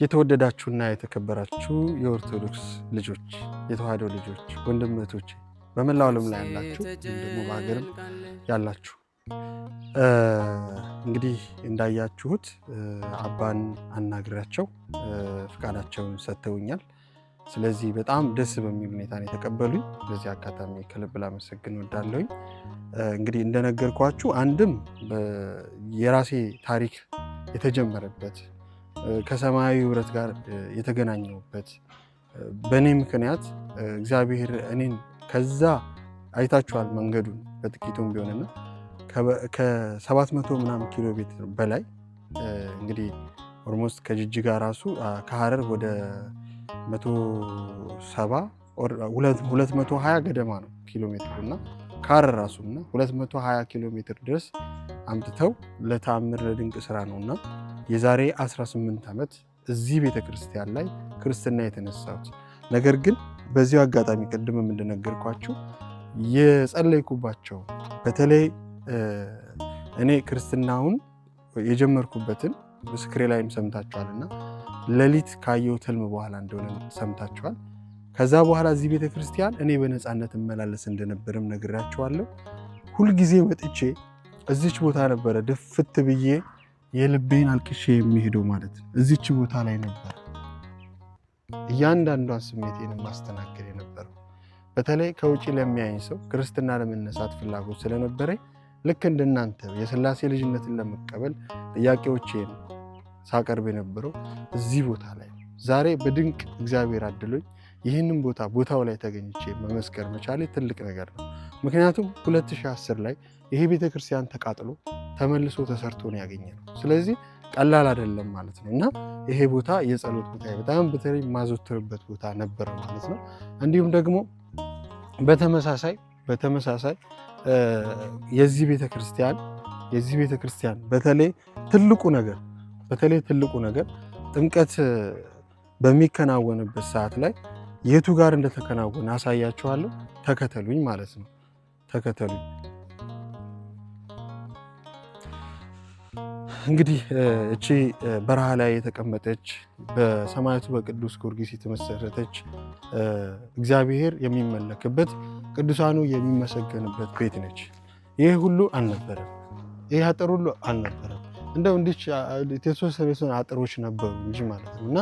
የተወደዳችሁና የተከበራችሁ የኦርቶዶክስ ልጆች የተዋህዶ ልጆች ወንድም እህቶቼ በመላው ዓለም ላይ ያላችሁ ደግሞ በሀገርም ያላችሁ እንግዲህ እንዳያችሁት አባን አናግሪያቸው ፍቃዳቸውን ሰጥተውኛል። ስለዚህ በጣም ደስ በሚል ሁኔታ ነው የተቀበሉኝ። በዚህ አጋጣሚ ከልብ ላመሰግን ወዳለሁኝ። እንግዲህ እንደነገርኳችሁ አንድም የራሴ ታሪክ የተጀመረበት ከሰማያዊ ህብረት ጋር የተገናኘሁበት በእኔ ምክንያት እግዚአብሔር እኔን ከዛ አይታችኋል መንገዱን በጥቂቱም ቢሆንና ከሰባት መቶ ምናምን ኪሎ ሜትር በላይ እንግዲህ ኦልሞስት ከጅጅጋ ራሱ ከሀረር ወደ መቶ ሰባ ሁለት መቶ ሀያ ገደማ ነው ኪሎ ሜትሩ እና ከሀረር ራሱ እና ሁለት መቶ ሀያ ኪሎ ሜትር ድረስ አምጥተው ለተአምር ለድንቅ ስራ ነው እና የዛሬ 18 ዓመት እዚህ ቤተክርስቲያን ላይ ክርስትና የተነሳሁት ነገር ግን በዚሁ አጋጣሚ ቅድምም እንደነገርኳችሁ የጸለይኩባቸው በተለይ እኔ ክርስትናውን የጀመርኩበትን ምስክሬ ላይም ሰምታችኋል እና ሌሊት ካየው ትልም በኋላ እንደሆነ ሰምታችኋል። ከዛ በኋላ እዚህ ቤተ ክርስቲያን እኔ በነፃነት እመላለስ እንደነበርም ነግራችኋለሁ። ሁልጊዜ መጥቼ እዚች ቦታ ነበረ ድፍት ብዬ የልቤን አልቅሼ የሚሄደው ማለት ነው። እዚች ቦታ ላይ ነበረ እያንዳንዷን ስሜቴን ማስተናገድ የነበረው በተለይ ከውጭ ለሚያይኝ ሰው ክርስትና ለመነሳት ፍላጎት ስለነበረኝ ልክ እንደናንተ የስላሴ ልጅነትን ለመቀበል ጥያቄዎቼን ሳቀርብ የነበረው እዚህ ቦታ ላይ ዛሬ በድንቅ እግዚአብሔር አድሎኝ ይህንን ቦታ ቦታው ላይ ተገኝቼ መመስከር መቻሌ ትልቅ ነገር ነው። ምክንያቱም 2010 ላይ ይሄ ቤተክርስቲያን ተቃጥሎ ተመልሶ ተሰርቶ ነው ያገኘ ነው። ስለዚህ ቀላል አይደለም ማለት ነው እና ይሄ ቦታ የጸሎት ቦታ በጣም በተለይ የማዘወትርበት ቦታ ነበር ማለት ነው። እንዲሁም ደግሞ በተመሳሳይ በተመሳሳይ የዚህ ቤተክርስቲያን የዚህ ቤተክርስቲያን በተለይ ትልቁ ነገር በተለይ ትልቁ ነገር ጥምቀት በሚከናወንበት ሰዓት ላይ የቱ ጋር እንደተከናወነ አሳያችኋለሁ። ተከተሉኝ ማለት ነው። ተከተሉኝ እንግዲህ እቺ በረሃ ላይ የተቀመጠች በሰማያቱ በቅዱስ ጊዮርጊስ የተመሰረተች እግዚአብሔር የሚመለክበት ቅዱሳኑ የሚመሰገንበት ቤት ነች። ይህ ሁሉ አልነበረም። ይህ አጥር ሁሉ አልነበረም። እንደው እንዲች የተወሰኑ አጥሮች ነበሩ እንጂ ማለት ነው። እና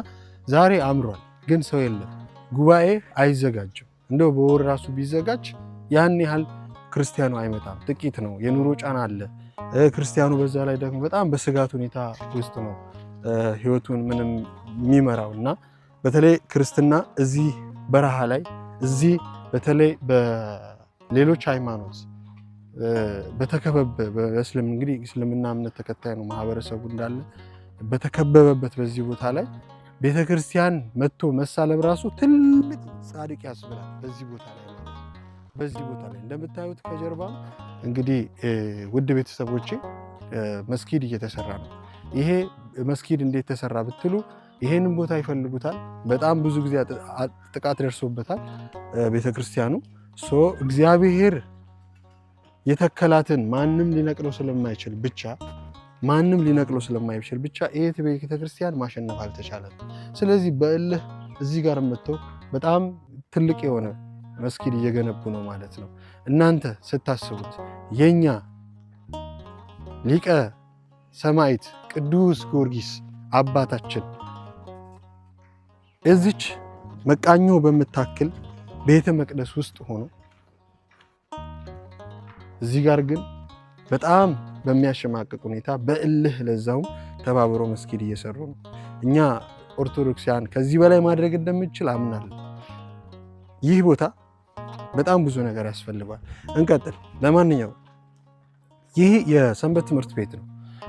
ዛሬ አምሯል፣ ግን ሰው የለም። ጉባኤ አይዘጋጅም። እንደው በወር ራሱ ቢዘጋጅ ያን ያህል ክርስቲያኑ አይመጣም። ጥቂት ነው። የኑሮ ጫና አለ። ክርስቲያኑ በዛ ላይ ደግሞ በጣም በስጋት ሁኔታ ውስጥ ነው ህይወቱን ምንም የሚመራው እና በተለይ ክርስትና እዚህ በረሃ ላይ እዚህ በተለይ በሌሎች ሃይማኖት በተከበበ በእስልም እንግዲህ እስልምና እምነት ተከታይ ነው ማህበረሰቡ እንዳለ በተከበበበት በዚህ ቦታ ላይ ቤተክርስቲያን መጥቶ መሳለም ራሱ ትልቅ ጻድቅ ያስብላል በዚህ ቦታ ላይ በዚህ ቦታ ላይ እንደምታዩት ከጀርባ እንግዲህ ውድ ቤተሰቦቼ መስጊድ እየተሰራ ነው። ይሄ መስጊድ እንዴት ተሰራ ብትሉ ይሄንን ቦታ ይፈልጉታል። በጣም ብዙ ጊዜ ጥቃት ደርሶበታል ቤተክርስቲያኑ። ሶ እግዚአብሔር የተከላትን ማንም ሊነቅለው ስለማይችል ብቻ ማንም ሊነቅለው ስለማይችል ብቻ ይሄ ቤተክርስቲያን ማሸነፍ አልተቻለም። ስለዚህ በእልህ እዚህ ጋር መጥተው በጣም ትልቅ የሆነ መስጊድ እየገነቡ ነው ማለት ነው። እናንተ ስታስቡት የኛ ሊቀ ሰማይት ቅዱስ ጊዮርጊስ አባታችን እዚች መቃኞ በምታክል ቤተ መቅደስ ውስጥ ሆኖ እዚህ ጋር ግን በጣም በሚያሸማቅቅ ሁኔታ በእልህ ለዛውም ተባብሮ መስጊድ እየሰሩ ነው። እኛ ኦርቶዶክሳውያን ከዚህ በላይ ማድረግ እንደምንችል አምናለሁ። ይህ ቦታ በጣም ብዙ ነገር ያስፈልጋል። እንቀጥል። ለማንኛውም ይህ የሰንበት ትምህርት ቤት ነው።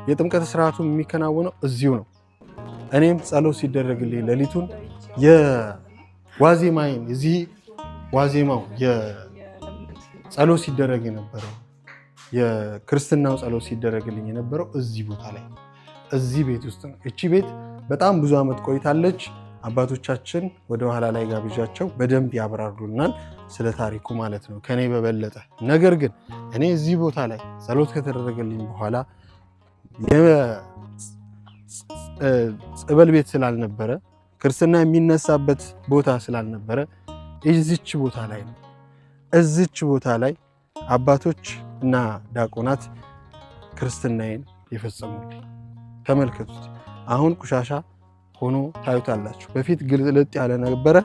የጥምቀት ስርዓቱ የሚከናወነው እዚሁ ነው። እኔም ጸሎት ሲደረግልኝ ሌሊቱን የዋዜማይን እዚህ ዋዜማው ጸሎት ሲደረግ የነበረው የክርስትናው ጸሎት ሲደረግልኝ የነበረው እዚህ ቦታ ላይ እዚህ ቤት ውስጥ ነው። እቺ ቤት በጣም ብዙ ዓመት ቆይታለች። አባቶቻችን ወደ ኋላ ላይ ጋብዣቸው በደንብ ያብራሩናል ስለ ታሪኩ ማለት ነው ከኔ በበለጠ። ነገር ግን እኔ እዚህ ቦታ ላይ ጸሎት ከተደረገልኝ በኋላ ጸበል ቤት ስላልነበረ ክርስትና የሚነሳበት ቦታ ስላልነበረ እዚች ቦታ ላይ ነው። እዚች ቦታ ላይ አባቶች እና ዲያቆናት ክርስትናዬን የፈጸሙልኝ። ተመልከቱት አሁን ቆሻሻ ሆኖ ታዩታላችሁ። በፊት ግልጥ ያለ ነበረ።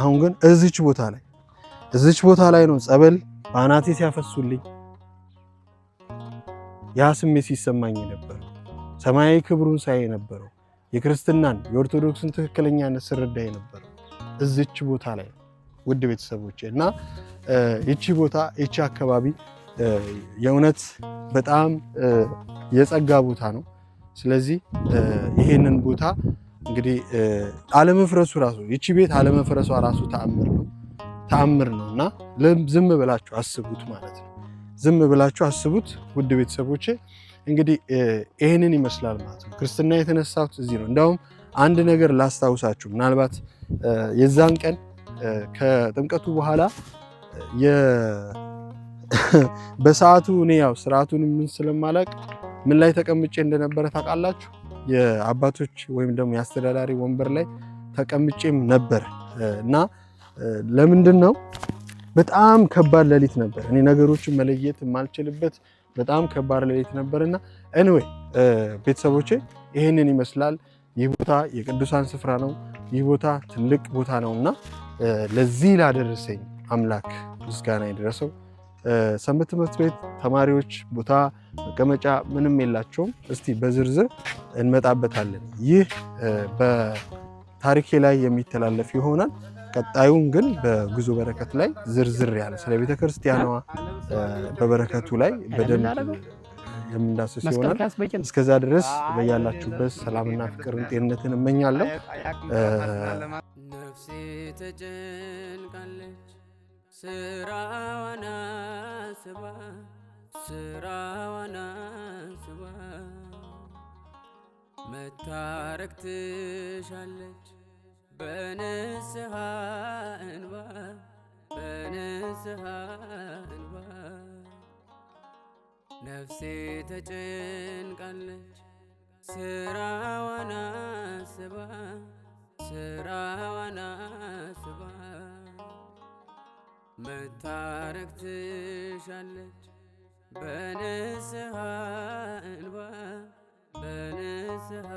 አሁን ግን እዚች ቦታ ላይ እዚች ቦታ ላይ ነው ጸበል በአናቴ ሲያፈሱልኝ ያ ስሜት ሲሰማኝ የነበረው ሰማያዊ ክብሩን ሳይ የነበረው የክርስትናን የኦርቶዶክስን ትክክለኛነት ስረዳ የነበረው እዚች ቦታ ላይ ነው። ውድ ቤተሰቦች እና ይቺ ቦታ ይቺ አካባቢ የእውነት በጣም የጸጋ ቦታ ነው። ስለዚህ ይሄንን ቦታ እንግዲህ አለመፍረሱ ራሱ ይቺ ቤት አለመፍረሷ ራሱ ተአምር ነው ተአምር ነው እና ዝም ብላችሁ አስቡት ማለት ነው። ዝም ብላችሁ አስቡት ውድ ቤተሰቦቼ። እንግዲህ ይህንን ይመስላል ማለት ነው። ክርስትና የተነሳሁት እዚህ ነው። እንዳውም አንድ ነገር ላስታውሳችሁ። ምናልባት የዛን ቀን ከጥምቀቱ በኋላ በሰዓቱ እኔ ያው ስርዓቱን ምን ስለማላቅ ምን ላይ ተቀምጬ እንደነበረ ታውቃላችሁ የአባቶች ወይም ደግሞ የአስተዳዳሪ ወንበር ላይ ተቀምጬም ነበር እና ለምንድን ነው በጣም ከባድ ሌሊት ነበር። እኔ ነገሮችን መለየት የማልችልበት በጣም ከባድ ሌሊት ነበር እና ኤኒዌይ ቤተሰቦቼ ይህንን ይመስላል። ይህ ቦታ የቅዱሳን ስፍራ ነው። ይህ ቦታ ትልቅ ቦታ ነው እና ለዚህ ላደረሰኝ አምላክ ምስጋና የደረሰው ሰንበት ትምህርት ቤት ተማሪዎች ቦታ መቀመጫ ምንም የላቸውም። እስቲ በዝርዝር እንመጣበታለን። ይህ በታሪኬ ላይ የሚተላለፍ ይሆናል። ቀጣዩን ግን በጉዞ በረከት ላይ ዝርዝር ያለ ስለ ቤተ ክርስቲያኗ በበረከቱ ላይ በደንብ የምንዳስስ ይሆናል። እስከዛ ድረስ በያላችሁበት ሰላምና ፍቅርን ጤንነትን እመኛለሁ። ነፍሴ ተጨንቃለች ስራዋና አስባ ስራዋን አስባ መታረቅ ትሻለች በንስሐ እንባ በንስሐ እንባ ነፍሴ ተጨንቃለች ስራዋን አስባ ስራዋን አስባ መታረቅ ትሻለች በንስሐ እንባ በንስሐ